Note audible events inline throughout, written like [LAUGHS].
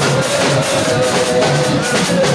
Thank you.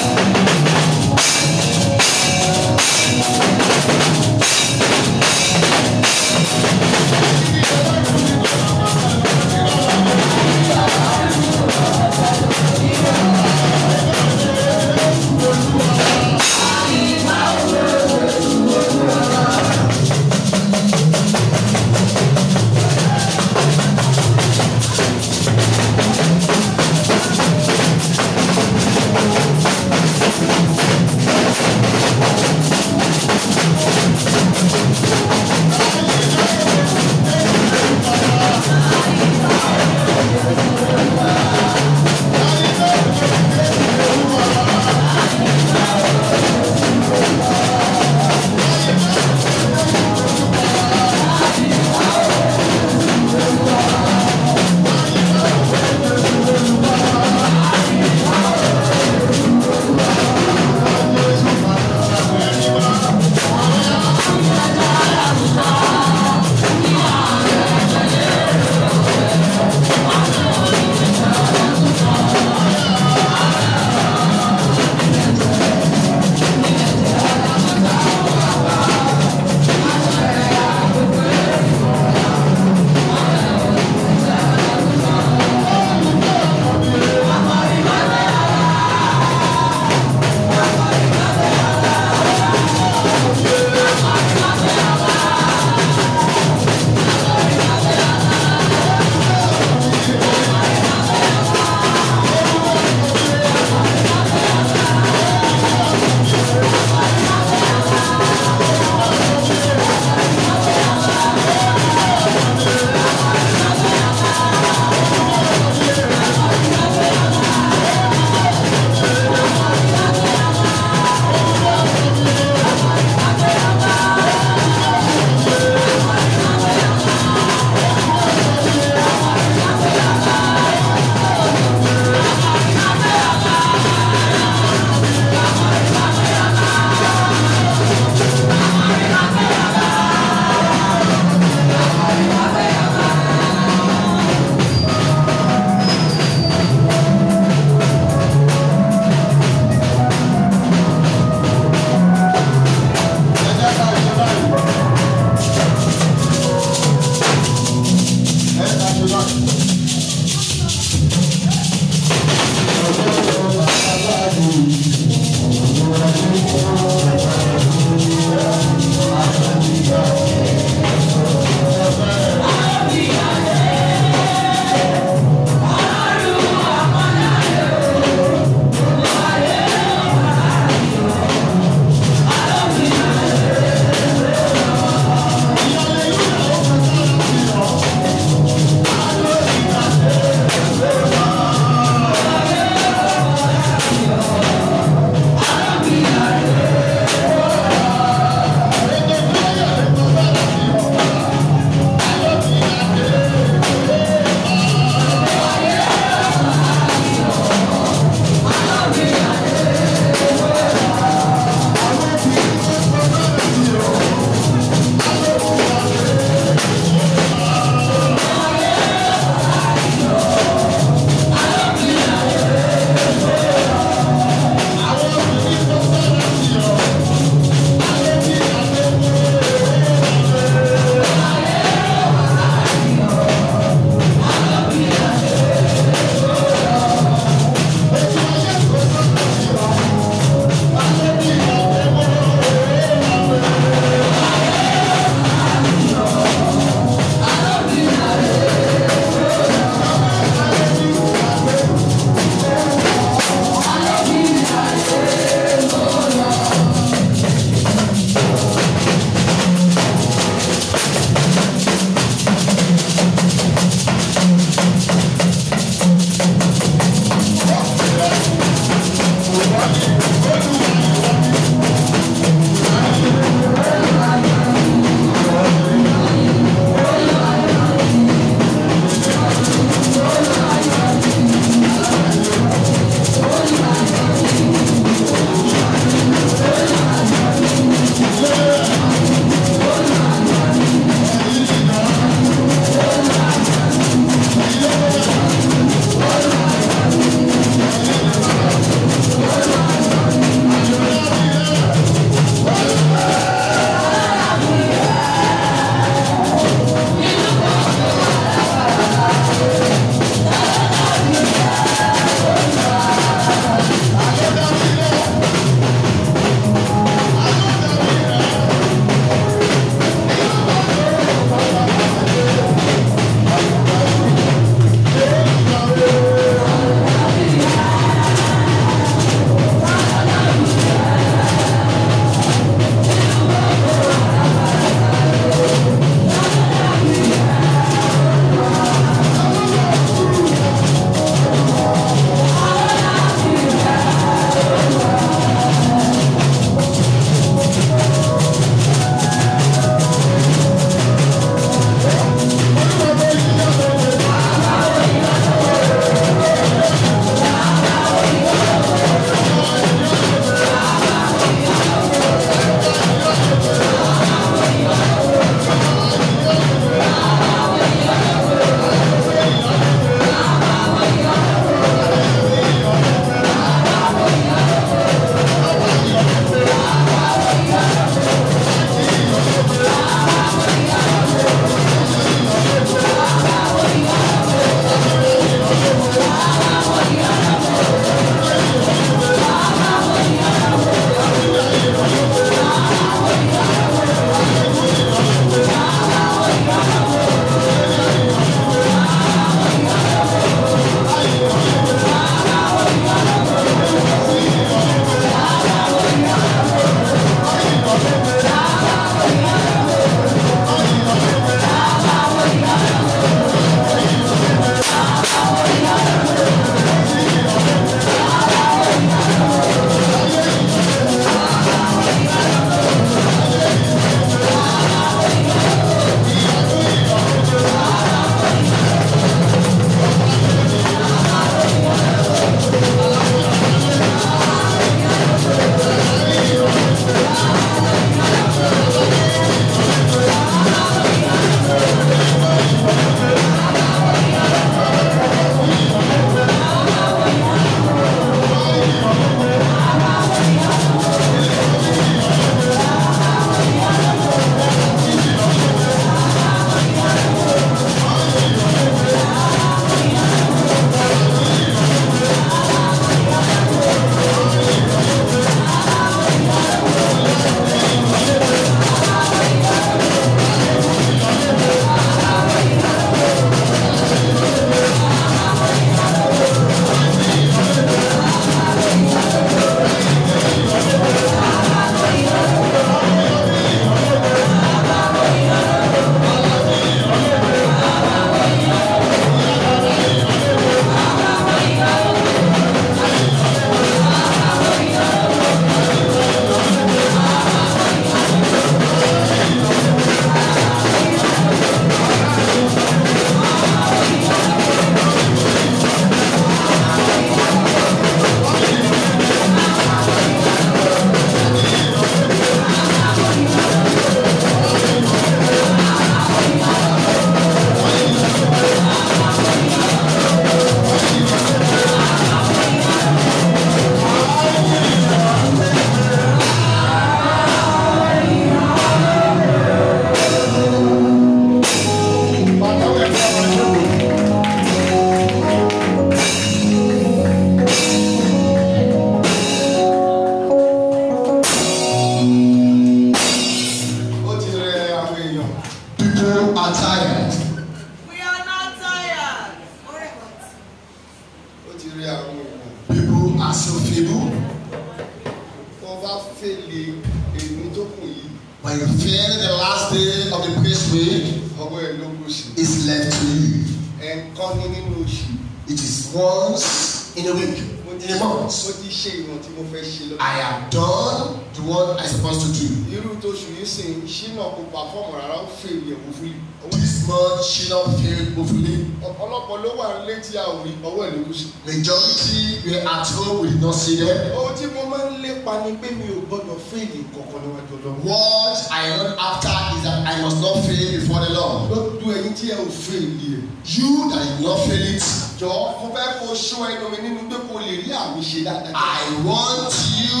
tí a ò rí ọwọ́ ẹ̀ kù sí. majority were at home we did not see ohun tí mo máa ń lépa ni pé mi ò gbọ́dọ̀ fail kankan níwájú ọlọ́run. what I run after is that I must not fail before the Lord. lọ́dún ẹ̀yin tí ẹ ò fail yẹ. you that you not fail it. jọ mo fẹ́ kó sọ ẹnu mi nínú pé kò lè rí àmì ṣe dáadáa. I want you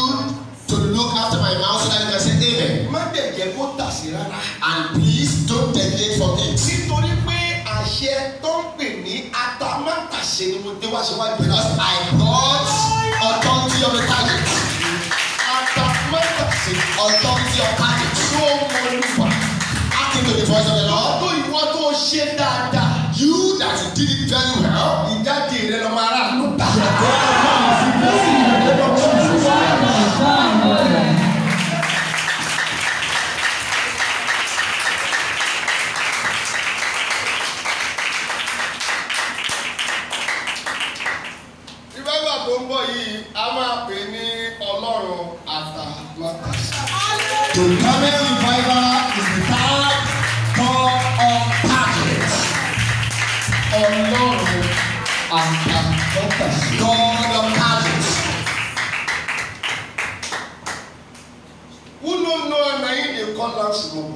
to look after my mouth so that you can say amen. má dẹ̀ jẹ́ kó tàsí rárá. and please don't deviate for me. She will do what she wants because I próximo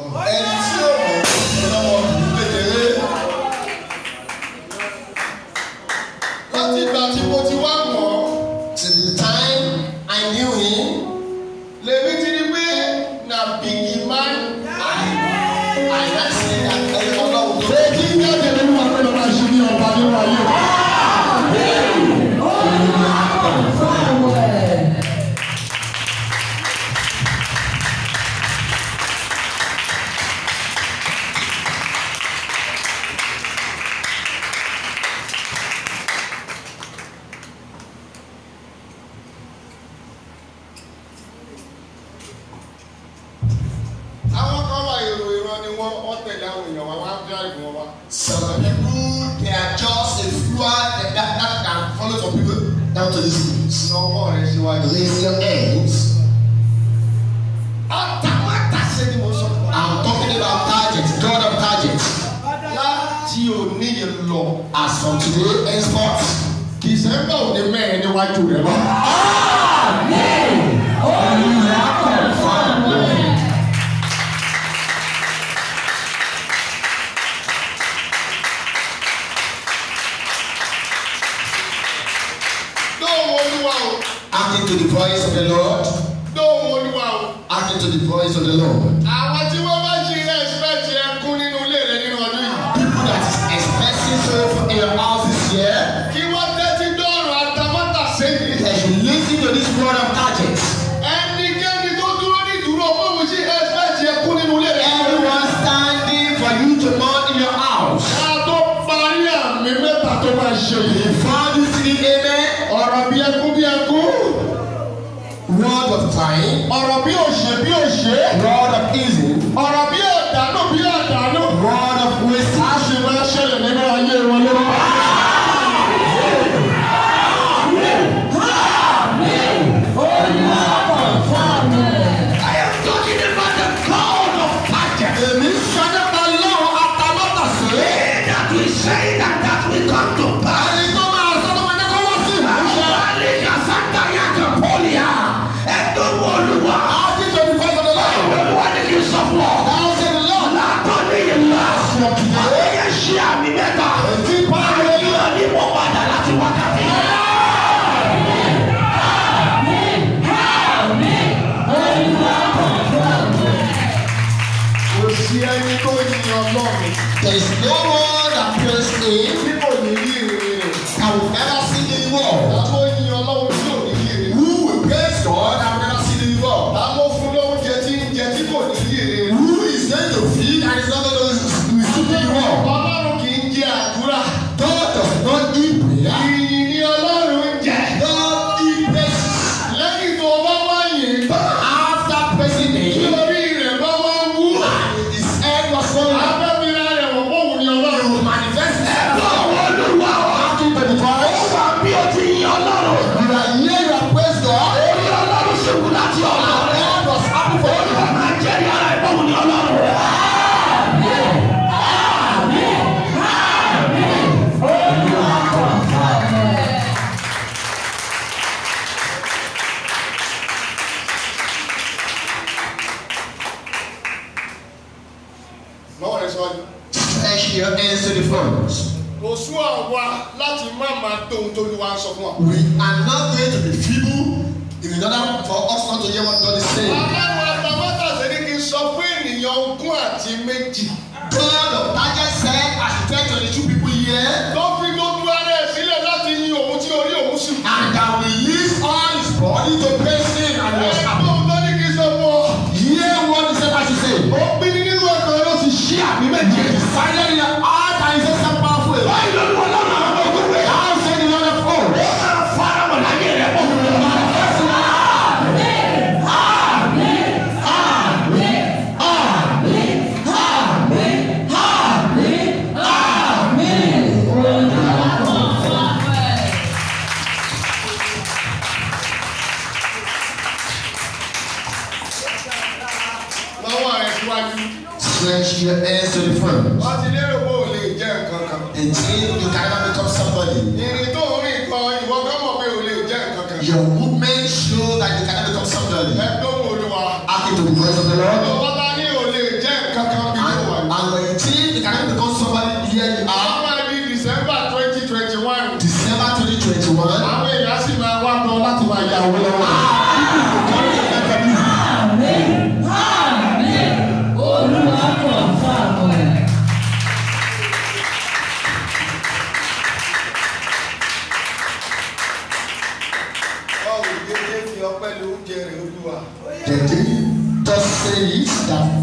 Stretch your hands to the front. Kò sún àwa láti má máa tó ohun tó Olúwa ń sọ fún wa. We are not going to be feeble in order for us not to hear what God is saying. Ọlọ́run àtàwọ́tà ṣe ní kí sọ fún ènìyàn ogún àti méjì. God of Target said as two people here. Tó fi gbogbo ara ẹ̀ sílẹ̀ láti yin òun tí orí òun sì. And that we leave all his body to Finally está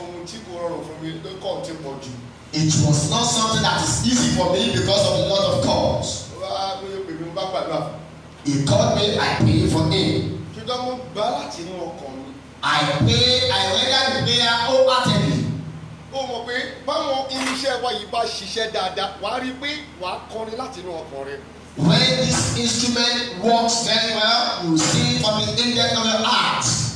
ohun tí kò rọrùn fún mi pé kọ́ ti pọ̀ jù. It was not something that is easy for me because of a lot of calls. Wá pé pèmí bá gbàdúrà. He called me, I pray for him. Ṣùgbọ́n mo gbà láti inú ọkàn mi. I pray, I render the prayer wholeheartedly. Ó mọ̀ pé báwọn irinṣẹ́ wa yìí bá ṣiṣẹ́ dáadáa, wàá rí i pé wàá kọrin láti inú ọkàn rẹ. When this instrument works very well, you see from the index of your heart.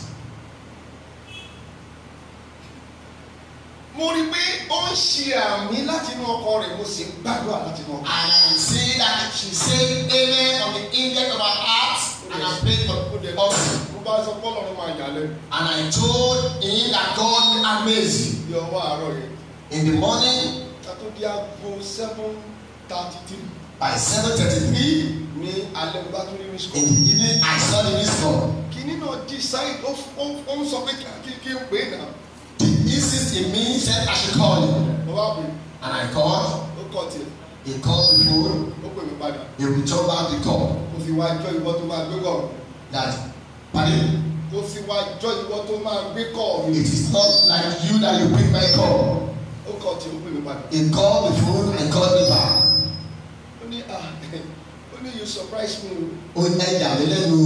mo rí i pé ó ń ṣe àmì láti ọkọ rẹ̀ mo sì gbàdúrà láti ọkọ. I can see that she said, amen on the index of her heart and I pray for the health. mo bá sọ pé ọlọ́run máa and I told him that God amaze you. bí ọwọ́ àárọ̀ yẹn. in the morning. ká tó di aago seven thirty three. by seven thirty three. ní alẹ́ mo bá tún rí mi in the evening I saw the news come. kìnìún náà decide ó ń sọ pé kí n pè é náà noticed in me, said, I should call you. And I called. He called the phone. He returned back the call. That, pardon? Ó sì wá jọ ìwọ tó máa gbé kọ́ mi. It is not like you that you pick my call. Ó kọ̀ tí ó pè mí padà. He called the phone and called me back. Ó ní ah [LAUGHS] ó ní you surprise me. Ó ní ẹ̀yà mi lẹ́nu.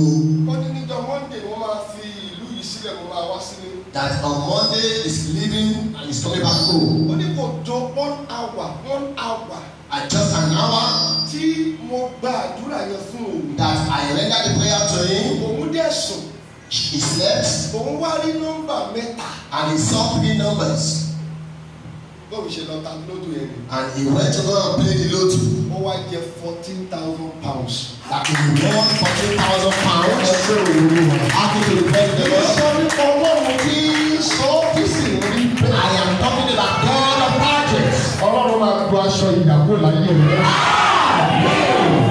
Ó ní níjọ́ Monday wọ́n máa fi that on Monday is leaving and is coming back home. ó ní one hour one hour. at just an hour. tí mo gba àdúrà yẹn fún òun. that I render the prayer to him. òun dẹ̀ sùn. he slept. òun wá rí nọ́mbà mẹ́ta. and he saw three numbers. bọ́ọ̀lù ṣe lọ ta lódò yẹn. and he went to go and play the lotto wọ́n wá jẹ fourteen thousand pounds. That is one fourteen thousand pounds. Ẹgbẹ́ òru akutu ìfẹ́ ìdẹ́gbẹ́. Sọ́ni ọlọ́run kí sọ́ọ́fíìsì rí. I am talking about God of projects. Ọlọ́run máa gbọ́ aṣọ ìyàwó láyé rẹ̀. Ah!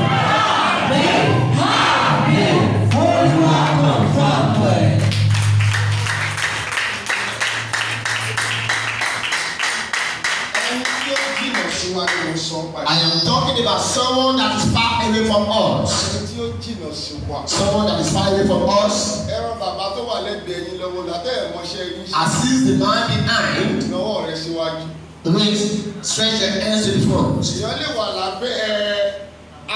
síwájú ń sọ pa. I am talking about someone that is far away from us. Ẹni tí ó jìnnà sí wa. Someone that is far away from us. Ẹran bàbá tó wà lẹ́gbẹ̀ẹ́ yín lọ́wọ́ látẹ̀ ẹ̀mọ́ṣẹ́ yín. Assist the man behind. Ìnáwó rẹ̀ síwájú. Raise stretch your hands to the front. Ìyọ́ lè wà lábẹ́ ẹ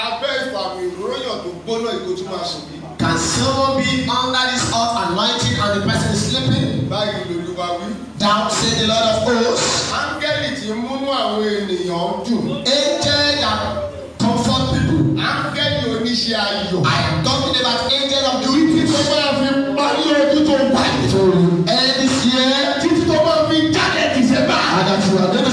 abẹ́ ìfàmì ìròyìn tó gbóná ìkótó máa sùn bí. Can someone be under this hot anointing and the person is sleeping? Báyìí lolúwa wí. Thou say the Lord of hosts. Áńgẹ́lì tí ń múnú àwọn ènìyàn dùn. Angel that comfort people. Áńgẹ́lì oníṣẹ́ ayọ̀. I am talking about angel of beauty. Títí tó máa fi parí ojú tó wáyé. And this year. Títí tó máa fi jáde December. And that's why I don't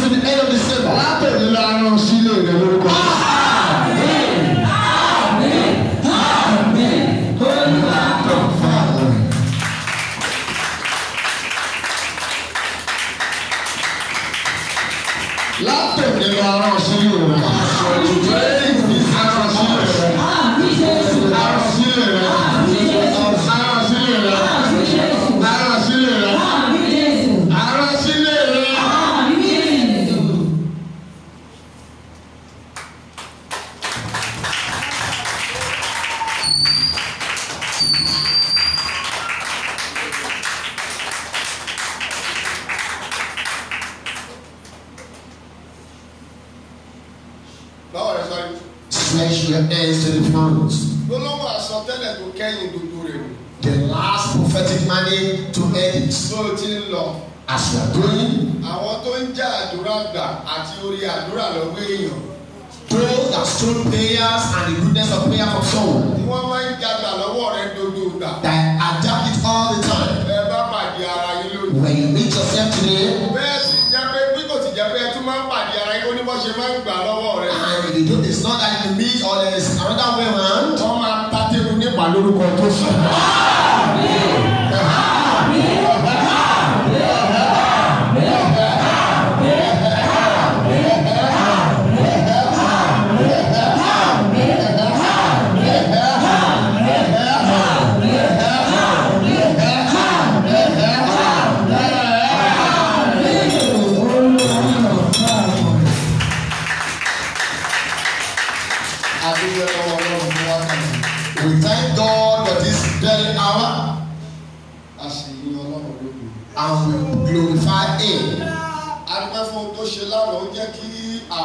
quando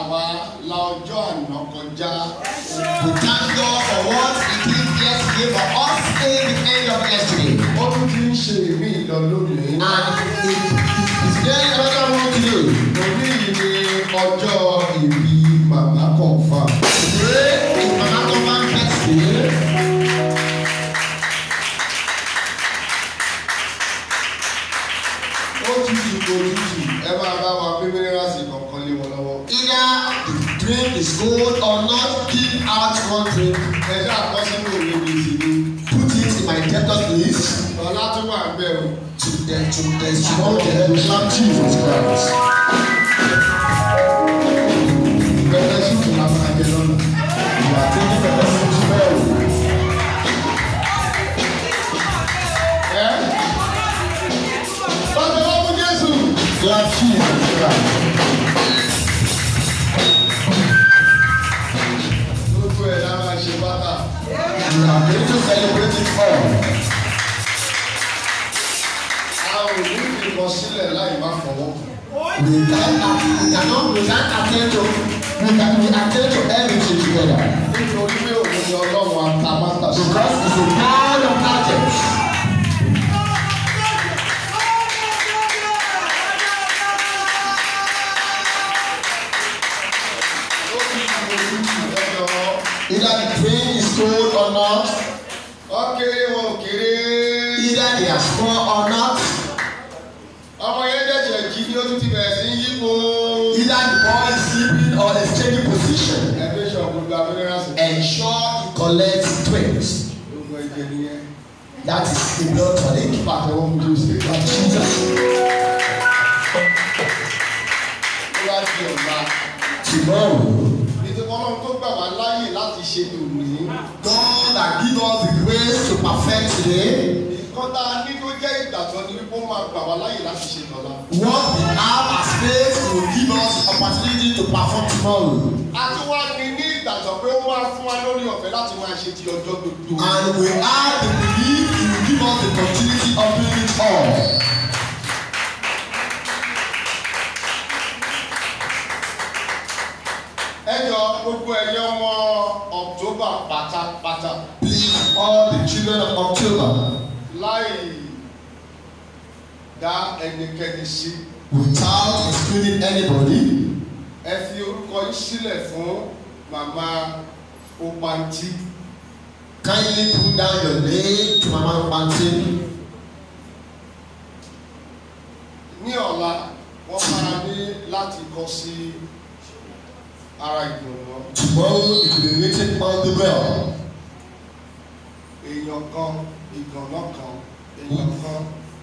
àwa la ọjọ́ àná kọjá. We thank God for what he did yesterday for us in the end of yesterday. Ó tún ti ń ṣe ìwé ìlọ lónìí. And it is very important to do. Òní yìí ni ọjọ́. food or not keep out one thing ẹ̀dá àkọsílẹ̀ òye mi put it in my debtor list. ọlá tó wà ń bẹ̀rù. to the to the small generation Jesus Christ. the entire act, it cannot, we can't attend to, we can we attend to everything together. Because it's a kind of package. Either the pain is cold or not. Okay, okay. Either they are small or not. Kí ó ti bẹ̀rẹ̀ sí yípo. Either the boy is sleeping or changing position. Ẹ fi ṣe ọ̀gbọ̀gbọ̀ abẹ́rẹ́rẹ́sì. Ensure he collects twins. Gbogbo ẹ̀jẹ̀ nìyẹn. That is the blood tonic. Pàtẹ́wọ́ mú Jésù. Tomorrow. Ọlọ́run tó gbà wá láyè láti ṣe tòun yìí. God that give us the grace to perfect today ẹ̀kọ́ tá jẹ́ ìdàtọ̀ ni wípé ó máa gbà wá láyè láti ṣe lọ́la. What we have as faith will give us opportunity to perform tomorrow. A tún wá ní ní ìdàtọ̀ pé ó máa fún wa lórí ọ̀fẹ́ láti máa ṣe ti ọjọ́ gbogbo. And we have the belief to give us the opportunity of doing it all. Ẹjọ́ gbogbo ẹ̀yẹ ọmọ October pátápátá. Please all the children of October láì dá ẹnikẹ́ni sí. without excluding anybody. ẹ fi orúkọ yín sílẹ̀ fún màmá Opanti. kindly put down your name to mama Opanti. ní ọ̀la wọ́n fara ní láti kọ sí ara ìgbòho. tomorrow it will be written on the well. èèyàn kan ìgànlọ́kan ìgànkan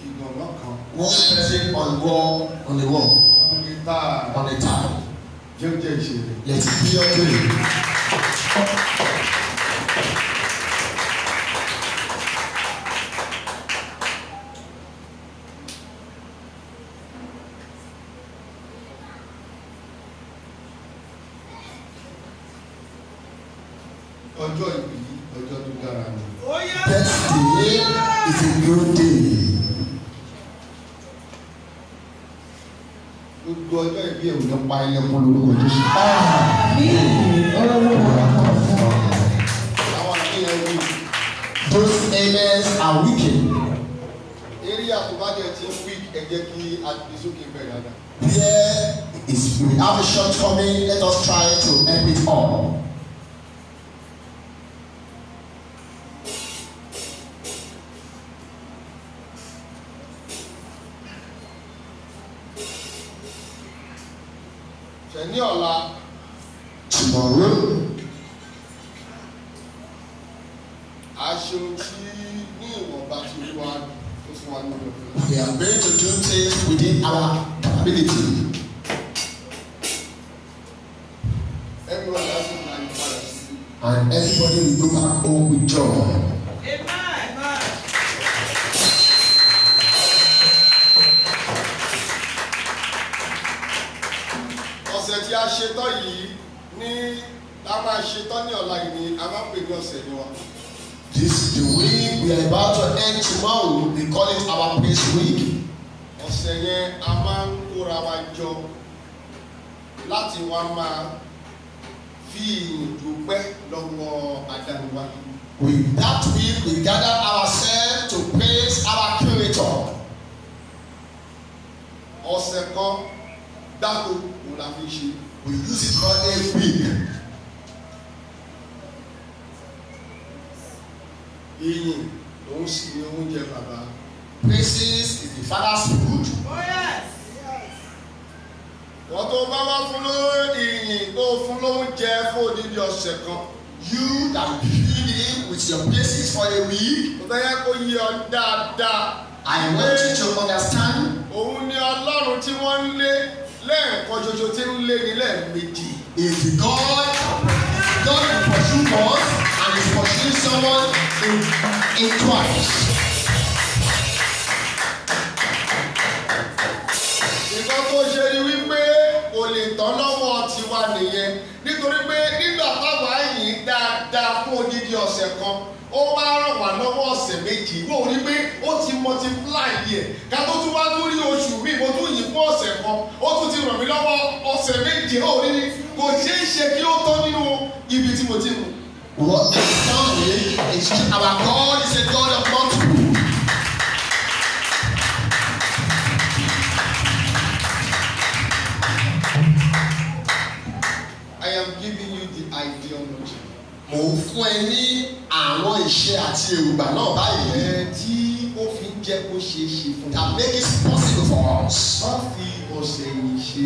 ìgànlọ́kan. one person on the wall on the wall. on the tile. on the tile. jẹ́ jẹ́ ìṣẹ̀lẹ̀. let it be your dream. pa ilẹ̀kùn lórúkọ Jésù. Those areas are wicked. Area tó bá jẹ ti weak ẹ jẹ́ kí àtìsókè bẹ̀rẹ̀ dáadáa. There is we have a coming. let us try to help it all. and everybody will go back home with joy. ọ̀sẹ̀ tí a ṣetán yìí ní a máa ṣetán ní ọ̀la yìí ni a máa ń pè ní ọ̀sẹ̀ ni wọn. This is the week we are about to end tomorrow we call it our peace week. ọ̀sẹ̀ yẹn a máa ń kóra wa jọ láti wá máa fi ìrìnàjò pẹ́ lọ́wọ́ adániwá. With that will we gather ourselves to praise our Creator. Ọ̀sẹ̀ kan gbáko mo la fi ṣe. We use it for a week. Iyìn òun sì ni oúnjẹ bàbá. Praises is the father's food. Oh, yeah wọ́n tó bá wá fún lórí ìyìn tó fún lóúnjẹ fún odidi ọ̀sẹ̀ kan. you that feed him with your places for a week. mo fẹ́ kó yí ọ dáadáa. I want you to understand. òun ni ọlọ́run tí wọ́n ń lé lẹ́ẹ̀kan ṣoṣo tí ń lé ní lẹ́ẹ̀mejì. If God God will pursue us and is pursuing someone in in twice. nǹkan tó ṣe ni wípé kò tán lọ́wọ́ tiwa nìyẹn nítorí pé nígbà táwa yìí dáadáa fún odidi ọ̀sẹ̀ kan ó wá ràn wá lọ́wọ́ ọ̀sẹ̀ méjì wò ó rí pé ó ti multiply yẹ ká tó tún wá tún rí oṣù mi mo tún yìí fún ọ̀sẹ̀ kan ó tún ti ràn mí lọ́wọ́ ọ̀sẹ̀ méje ó rí kò ṣeé ṣe kí ó tán nínú ibi tí mo ti mú. What is done is our God is a God of multiple. fún ẹ ní àwọn ìṣe àti èrògbà náà báyìí. ẹ tí ó fi ń jẹ́ kó ṣeé ṣe fún mi. that make it possible for us. wọ́n fi ọ̀sẹ̀ yìí ṣe.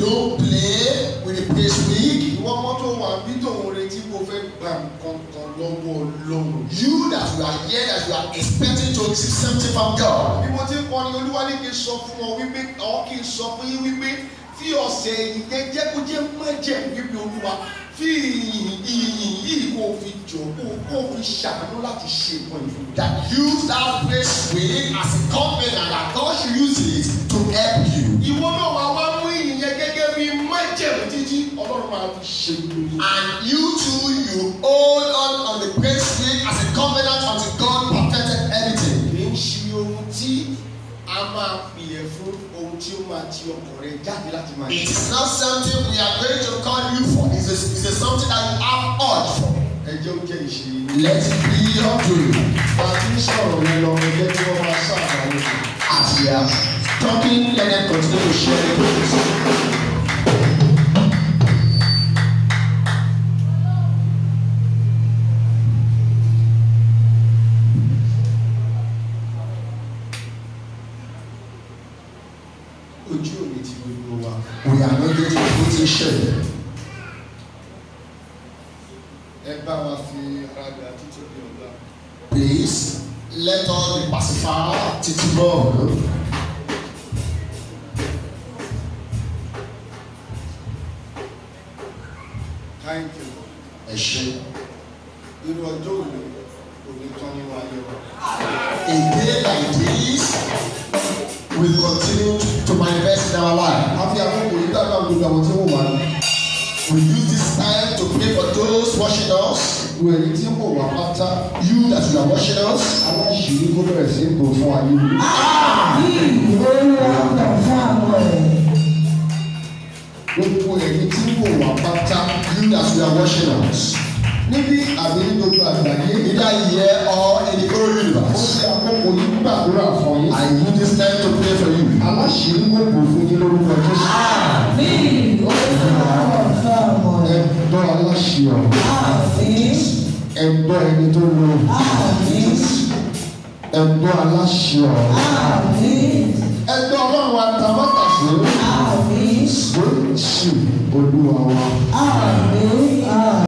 don't play with the place weak. ìwọ mọ́tò wà bí tòun retí kó fẹ́ gbà kankan lọ́wọ́ lọ́wọ́. you that you are here that you are expecting to receive something from God. bí ti kọ́ ni olúwa ní kí n sọ fún ọ wípé ọ kí n sọ fún yín wípé fi ọ̀sẹ̀ ìyẹn jẹ́ kó níbi olúwa fi ìyìn yìí kó fi jòkó kó fi ṣàánú láti ṣe ìwọ̀n ìlú that use that place within as a company and God should use it to help you. ìwọ náà wà wá mú ìyẹn gẹ́gẹ́ bí mọ́jẹ̀ títí ọlọ́run máa fi ṣe ìwọ̀n. and you too you hold on on the place thing as a covenant until God protected everything. kì í ṣe ohun tí a máa tí ó máa ti ọkàn rẹ jáde láti máa it is not something we are going to call you for it is it is something that you have urged for. ẹ jẹ́ ó jẹ́ ìṣe. let it be your dream. bá sọ̀rọ̀ yẹn lọ ẹgbẹ́ tí wọ́n máa sọ àgbáyé. as we are talking let them continue to share the gospel.